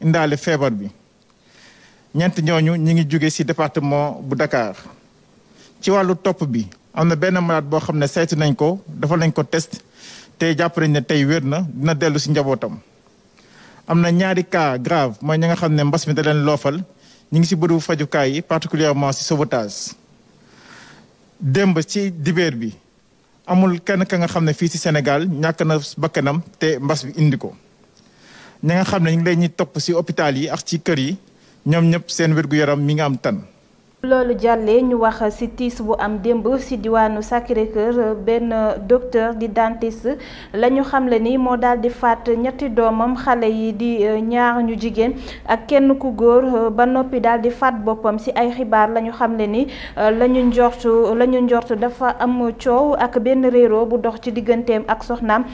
indaale feebar bi ñeent ñooñu ñi ngi jóge ci département bu Dakar ci wàllu topp bi am na benn malade boo xam ne saytu nañ ko dafa nañ ko test te jàpp nañ ne tey wér na dina dellu ci njabootam. am na ñaari cas grave mooy ñi nga xam ne mbas mi da leen loofal ñi ngi ci bërëbu fajukaay yi particulièrement ci sauvetage démb ci dibeer bi amul kenn ka nga xam ne fii ci senegal ñàkk na bakkanam te mbas bi indi ko. ña nga xam ne ñu ngi topp ci hôpital yi ak ci kër yi ñoom ñëpp seen wér yaram mi nga am tan loolu jàllee ñu wax ci tiis bu am démb ci diwaanu Sacré-Cœur benn docteur di dentiste la ñu xamle ni moo daal di fàtt ñetti doomam xale yi di euh, ñaar ñu jigéen ak kenn ku góor euh, ba noppi daal di faat boppam ci ay xibaar la ñu xamle ni euh, la ñu njortu la ñu dafa am coow ak benn réero bu dox ci digganteem ak soxnaam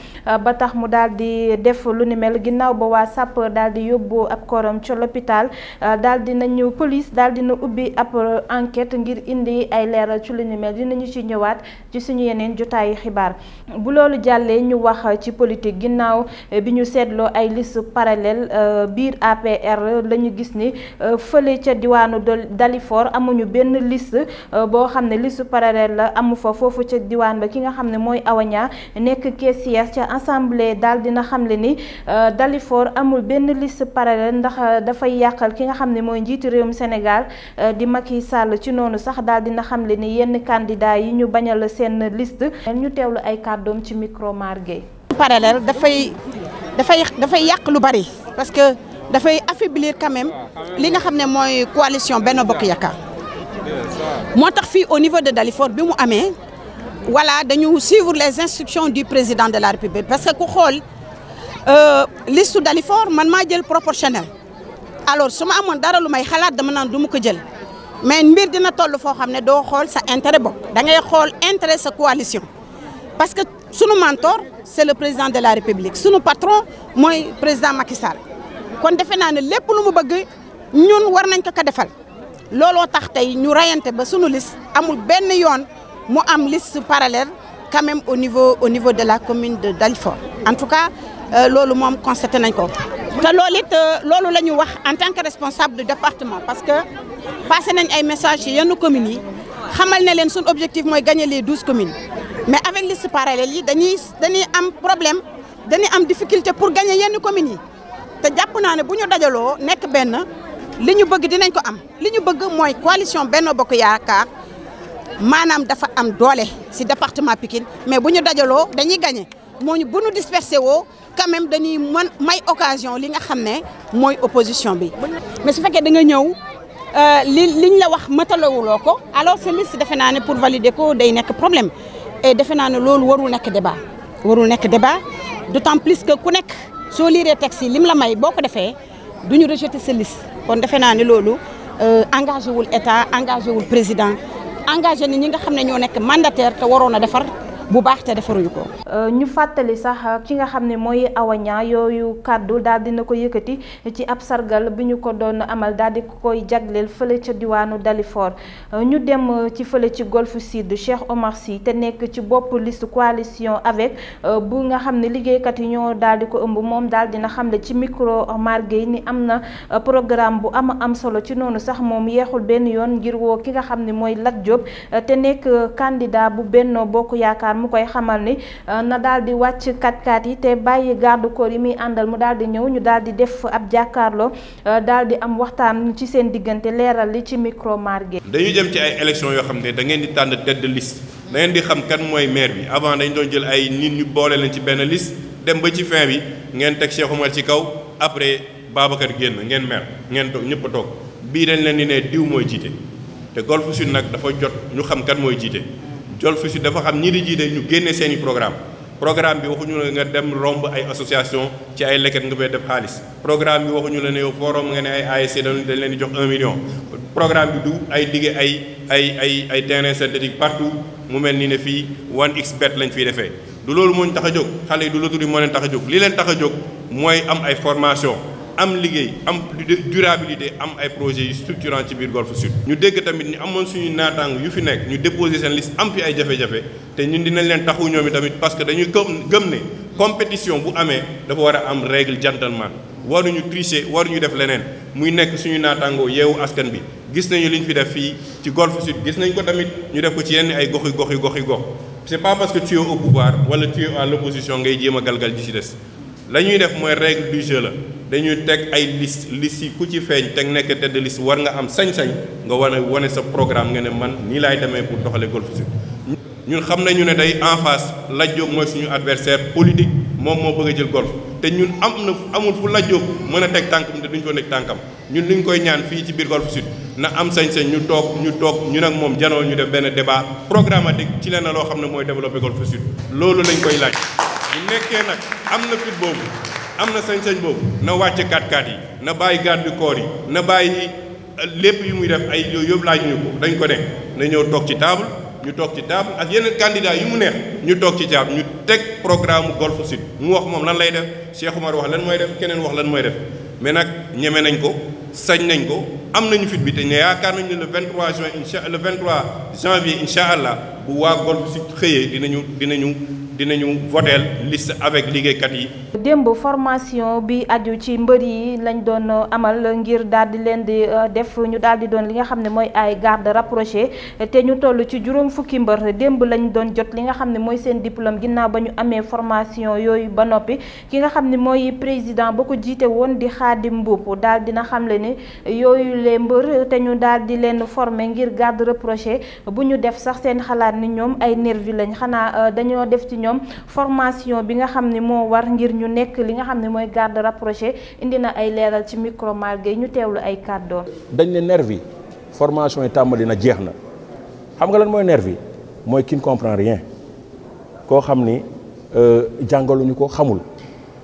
ba tax mu daal di def lu ni mel ginnaaw ba waa sapeur daal di yóbboo ab koram ca l'hôpital daal di nañu police daal dina ubbi ab enquête ngir indi ay leeral ci lu ni mel dinañu ci ñëwaat ci suñu yeneen jotaayu xibaar bu loolu jàllee ñu wax ci politique ginnaaw eh, bi ñu seetloo ay liste parallèle eh, biir APR la ñu gis ni eh, fële ca diwaanu Dalifort amuñu benn liste boo xam ne liste parallèle la amu fa foofu ca diwaan ba ki nga xam ne mooy awaña nekk caissière ca assemblée daal dina xam le ni Dalifort amul benn list parallèle ndax dafay yàqal ki nga xam ne mooy njiitu réewum Sénégal di Macky Sall ci nonu sax dal dina xamle ni yenn candidat yi ñu bañal sen liste ñu tewlu ay kàddoom ci micro margué parallèle da da fay fay da fay yak lu bari parce que da fay affaiblir quand même li nga xam moy coalition Benno Bokk Yaakaar motax fi au niveau de Dalifort bi mu amee voilà dañu suivre les instructions du président de la République parce que ku euh liste Dalifort man ma jël proportionnel alors suma amone dara lu may xalat dama nan du mu ko jël mais mbir dina tollu fo xamné do xol sa intérêt bopp da ngay xol intérêt sa coalition parce que sunu mentor c'est le président de la république sunu patron moy président Macky Sall kon defe na né lépp lu mu bëgg ñun war nañ ko ka defal looloo tax tay ñu rayante ba sunu liste amul benn yoon mu am liste parallèle quand même au niveau au niveau de la commune de Dalifort en tout cas euh, lolo moom constaté nañ ko c'est ce que nous en tant que responsable de département parce que passé nañ ay messages ci nos communes yi xamal que leen suñ objectif gagner les 12 communes mais avec liste parallèle yi dañuy dañuy am problème dañuy am difficulté pour gagner yenn communes yi te jàpp naa ne bu ñu dajaloo nekk benn li ñu bëgg dinañ ko am li ñu bëgg coalition Benno Bokk Yaakaar maanaam dafa am doole ci département Pikine mais buñu dajalo dañuy gagner moñu buñu disperser ñu dispersé quand même dañuy mën may occasion li nga xamné moy opposition bi. mais su fekké da nga ñëw euh liñ la wax matalawuloko alors ce liste defe nané pour valider ko day nekk problème et defe nané ne warul nekk débat warul nekk débat d'autant plus que ku nekk so lire texte lim la may boko ko duñu rejeter ce liste kon defe nané ne euh engagé wul état engagé wul président engagé ni nga xamné ne ñoo nekk mandataire te waroon a defar. bu baax te defaruñu ko. Euh, ñu fàttali sax ki nga xam ne mooy awañaa yooyu kàddu daal dina ko yëkkati ci ab sargal bi ñu ko doon amal daal di koy jagleel fële ca diwaanu Dalifort euh, ñu dem ci fële ci golfe sud Cheikh Omar te nekk ci bopp liste coalition avec euh, bu nga xam ne liggéeykat yi ñoo daal di ko ëmb moom daal dina xamle ci micro marguey ni am na programme bu am am solo ci noonu sax moom yeexul benn yoon ngir woo ki nga xam ne mooy Lat Diop te nekk candidat bu Benno Bokk mu koy xamal ni euh, na daal di wàcc katkat yi te bàyyi garde corps yi muy àndal mu daal di ñëw ñu daal di def ab jàkkaarloo euh, daal di am waxtaan ci seen diggante leeral li ci micro margué dañu jëm ci ay élection yoo xam ne da ngeen di tànn tête de liste di xam kan mooy maire bi avant dañ doon jël ay nit ñu boole leen ci benn liste dem ba ci fin bi ngeen teg Cheikh Oumar ci kaw après Babacar génn ngeen maire ngeen toog ñëpp a toog bii dañ leen di ne diw mooy jiite te Golf nag dafa jot ñu xam kan mooy jiite Jolfu Sud dafa xam ñi di jiite ñu génne seeni programme programme bi waxuñu la nga dem romb ay association ci ay leket nga fay def xaalis programme bi waxuñu la ne yow forum nga ne ay ASC dañ leen di jox 1 million programme bi du ay digge ay ay ay ay terrain synthétique partout mu mel ni ne fii 1xBet lañ fiy defee du loolu moo ñu tax a jóg xale yi du loterie moo leen tax a jóg li leen tax a jóg mooy am ay formation am liggéey am durabilité am ay projet yu structurant ci biir Golfe Sud ñu dégg tamit ni amoon suñu naataang yu fi nekk ñu déposé seen liste am fi ay jafe-jafe te ñun dinañ leen taxu ñoom tamit parce que dañuy gëm gëm ne compétition bu amee dafa war a am règle gentleman waruñu tricher waruñu def leneen muy nekk suñu naataangoo yeewu askan bi gis nañu liñ fi def fii ci Golfe Sud gis nañ ko tamit ñu def ko ci yenn ay gox yu gox yu gox yu gox c'est pas parce que tu es au pouvoir wala tu es à l'opposition ngay jéem a galgal ji ci des la ñuy def mooy règle du jeu la dañuy teg ay liste liste yi ku ci feeñ teg nekk tête de war nga am sañ nga wane wane sa programme nga ne man nii laay demee pour doxalee Golf Sud ñun xam nañu ne day en face Lat Diop mooy suñu adversaire politique moom moo bëgg a jël golf te ñun am na amul fu Lat Diop mën a teg tànkam te duñ ko nekk tànkam ñun li koy ñaan fii ci biir Golf Sud na am sañ-sañ ñu toog ñu toog ñun nag moom janoo ñu def benn débat programmatique ci lenn loo xam ne mooy développer Golf loolu lañ koy laaj. bu nekkee nag am na fit boobu am na sañ-sañ boobu na wàcc kaat-kaat yi na bàyyi garde corps yi na bàyyi euh, lépp yu muy def ay yooyu yëpp laa ñu ko dañ ko nekk na ñëw toog ci table ñu toog ci table ak yeneen candidat yi mu neex ñu toog ci table ñu teg programme Golf Sud mu wax moom lan lay def Cheikh Oumar wax lan mooy def keneen wax lan mooy def mais nag ñeme nañ ko sañ nañ ko am nañu fit bi te ne yaakaar nañu ne le 23 juin incha le 23 janvier incha allah bu waa Golf Sud xëyee dinañu dinañu. dinañu voteel liste avec liggéeykat yi. démb formation bi aju ci mbër yi lañ doon amal ngir daal di leen di euh, def ñu daal di doon li nga xam ne mooy ay garde rapproché te ñu toll ci juróom fukki mbër démb lañ doon jot li nga xam ne mooy seen diplôme ginnaaw ba ñu amee formation yooyu ba noppi ki nga xam ne mooy président ba ko jiite woon di Xaadim Mbuup daal dina xamle ni yooyu les mbër te ñu daal di leen former ngir garde rapproché bu ñu def sax seen xalaat ni ñoom ay nervi lañ xanaa euh, dañoo def ci ñoom. formation bi nga xamni mo war ngir ñu nekk li nga xamni moy garde rapproché indina ay leeral ci micro Maguette ñu teewlu ay cadeau dañ le nervi formation yi tàmbali na jeex xam nga lan moy nervi moy qui ne comprend rien euh, ko xamni euh jangalu ñuko xamul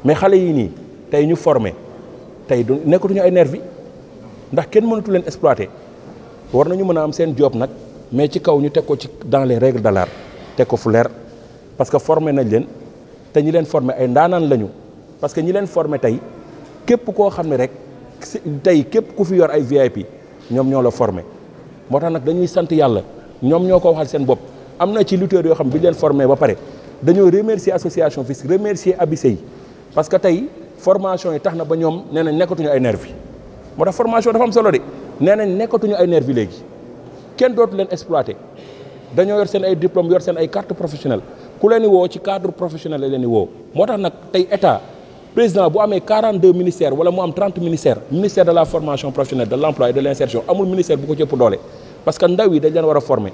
mais xalé yi ni tay ñu formé tay du ñu ay nervi ndax kenn mënatu leen exploiter war nañu mëna am sen job nak mais ci kaw ñu tekko ci dans les règles de l'art tekko fu leer. parce que formé nañ leen te ñi leen formé ay ndaanaan lañu parce que ñi leen formé tey képp koo xam ne rek tey képp ku fi yor ay VIP ñoom ñoo la formé moo tax nag dañuy sant yàlla ñoom ñoo ko waxal seen bopp am na ci lutteurs yoo xam bi ñu leen formé ba pare dañoo remercier association FILS remercier abisé yi parce que tey formation yi tax na ba ñoom nee nañ nekkatuñu ay nervi moo tax formation dafa am solo de nee nañ nekkatuñu ay nervi léegi kenn dootu leen exploité dañoo yor seen ay diplôme seen ay carte professionnelle C'est leen ci cadre professionnel Je suis di woo moo président bu 42 ministères ou 30 ministères ministère de la formation professionnelle de l'emploi et de l'insertion. Il y ministère bu ko pour doole parce que ndaw yi dañ leen war a former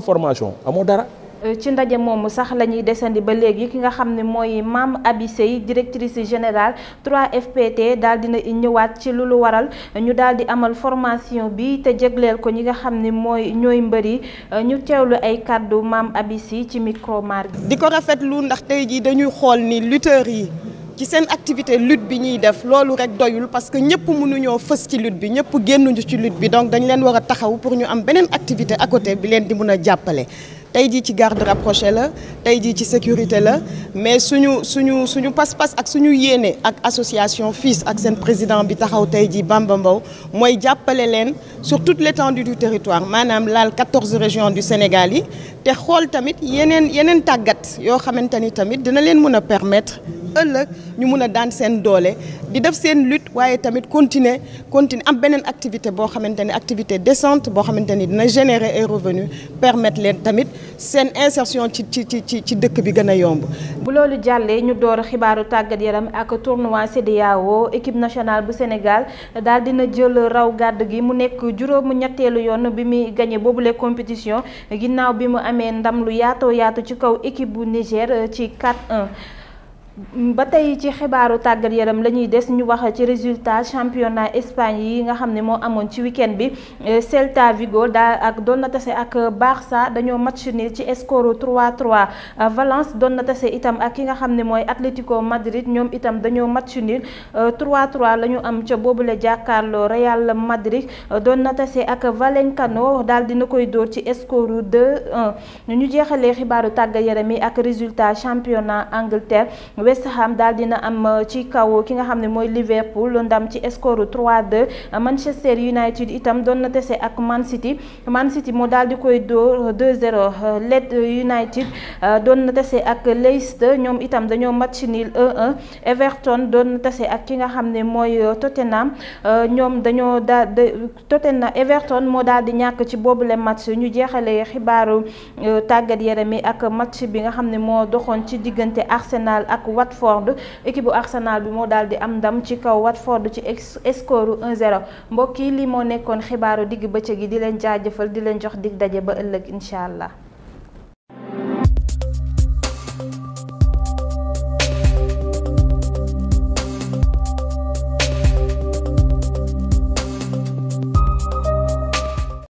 formation dara. Euh, ci ndaje moomu sax lañuy ñuy desandi ba léegi ki nga xam ne mooy maam Aby Seye directrice générale 3FPT daal dina ñëwaat ci lu lu waral ñu daal di amal formation bi te jégleel ko ñi nga xam ne mooy ñooy mbëri euh, ñu teewlu ay kàddu maam Aby Seye ci micro mar di ko rafetlu ndax tey jii dañuy xool ni lutteurs yi ci seen activité lutte bi ñuy def loolu rek doyul parce que ñëpp mënuñoo fës ci lutte bi ñëpp génnuñu ci lutte bi donc dañu leen war a taxaw pour ñu am beneen activité à bi leen di mën a jàppale tey garde rapproché la tey sécurité la mais suñu suñu suñu pas-pas ak suñu yéene ak association FILS ak seen président bi taxaw tey jii Bamba Mbow sur toute l'étendue du territoire madame lal 14 régions du Sénégal yi te xool tamit yeneen yeneen tàggat yoo xamante tamit dina leen mën permettre ëllëg ñu mun a daan seen doole di def seen lutte waaye tamit continuer continuer am beneen activité boo xamante activité décente boo xamante ni dina générer ay revenus permettre leen tamit seen insertion ci ci ci ci dëkk bi gën a yomb. bu loolu jàllee ñu door xibaaru tàggat yaram ak tournoi CEDEAO équipe nationale bu Sénégal daal dina jël raw gàdd gi mu nekk juróomu ñetteelu yoon bi muy gagné boobule compétition ginnaaw bi mu amee ndam lu yaatoo yaatu ci kaw équipe bu Niger ci 4-1. ba tey ci xibaaru tàggat yaram la ñuy des ñu wax ci résultat championnat Espagne yi nga xam ne moo amoon ci week bi euh, Celta Vigo daa ak doon na tase ak Barça dañoo match nul ci score 3-3 euh, Valence doon na tase itam ak ki nga xam ne mooy Atlético Madrid ñoom itam dañoo match nul 3-3 euh, la ñu am ca boobule jàkkaarloo Real Madrid doon na tase ak Valenciano daal dina koy dóor ci score 2-1 ñu jeexalee xibaaru tàggat yaram yi ak résultat championnat Angleterre. West Ham daal dina am euh, ci kaw ki nga xam ne mooy Liverpool ndam ci score 3-2 Manchester United itam doon na tese ak Man City Man City moo daal di koy dóor 2-0 euh, euh, Leeds United doon na tese ak Leicester ñoom itam dañoo match nil 1 Everton doon na ak ki nga xam ne mooy Tottenham ñoom dañoo daal de Tottenham Everton moo daal di ñàkk ci boobu boobule match ñu jeexale xibaaru tàggat yaram mi ak match bi nga xam ne moo doxoon ci diggante Arsenal ak. Watford équipe bu Arsenal bi moo daal di am ndam ci kaw Watford ci score 1-0 mbokk yi li moo nekkoon xibaaru digg bëccëg yi di leen jaajëfal di leen jox dig daje ba ëllëg incha allah.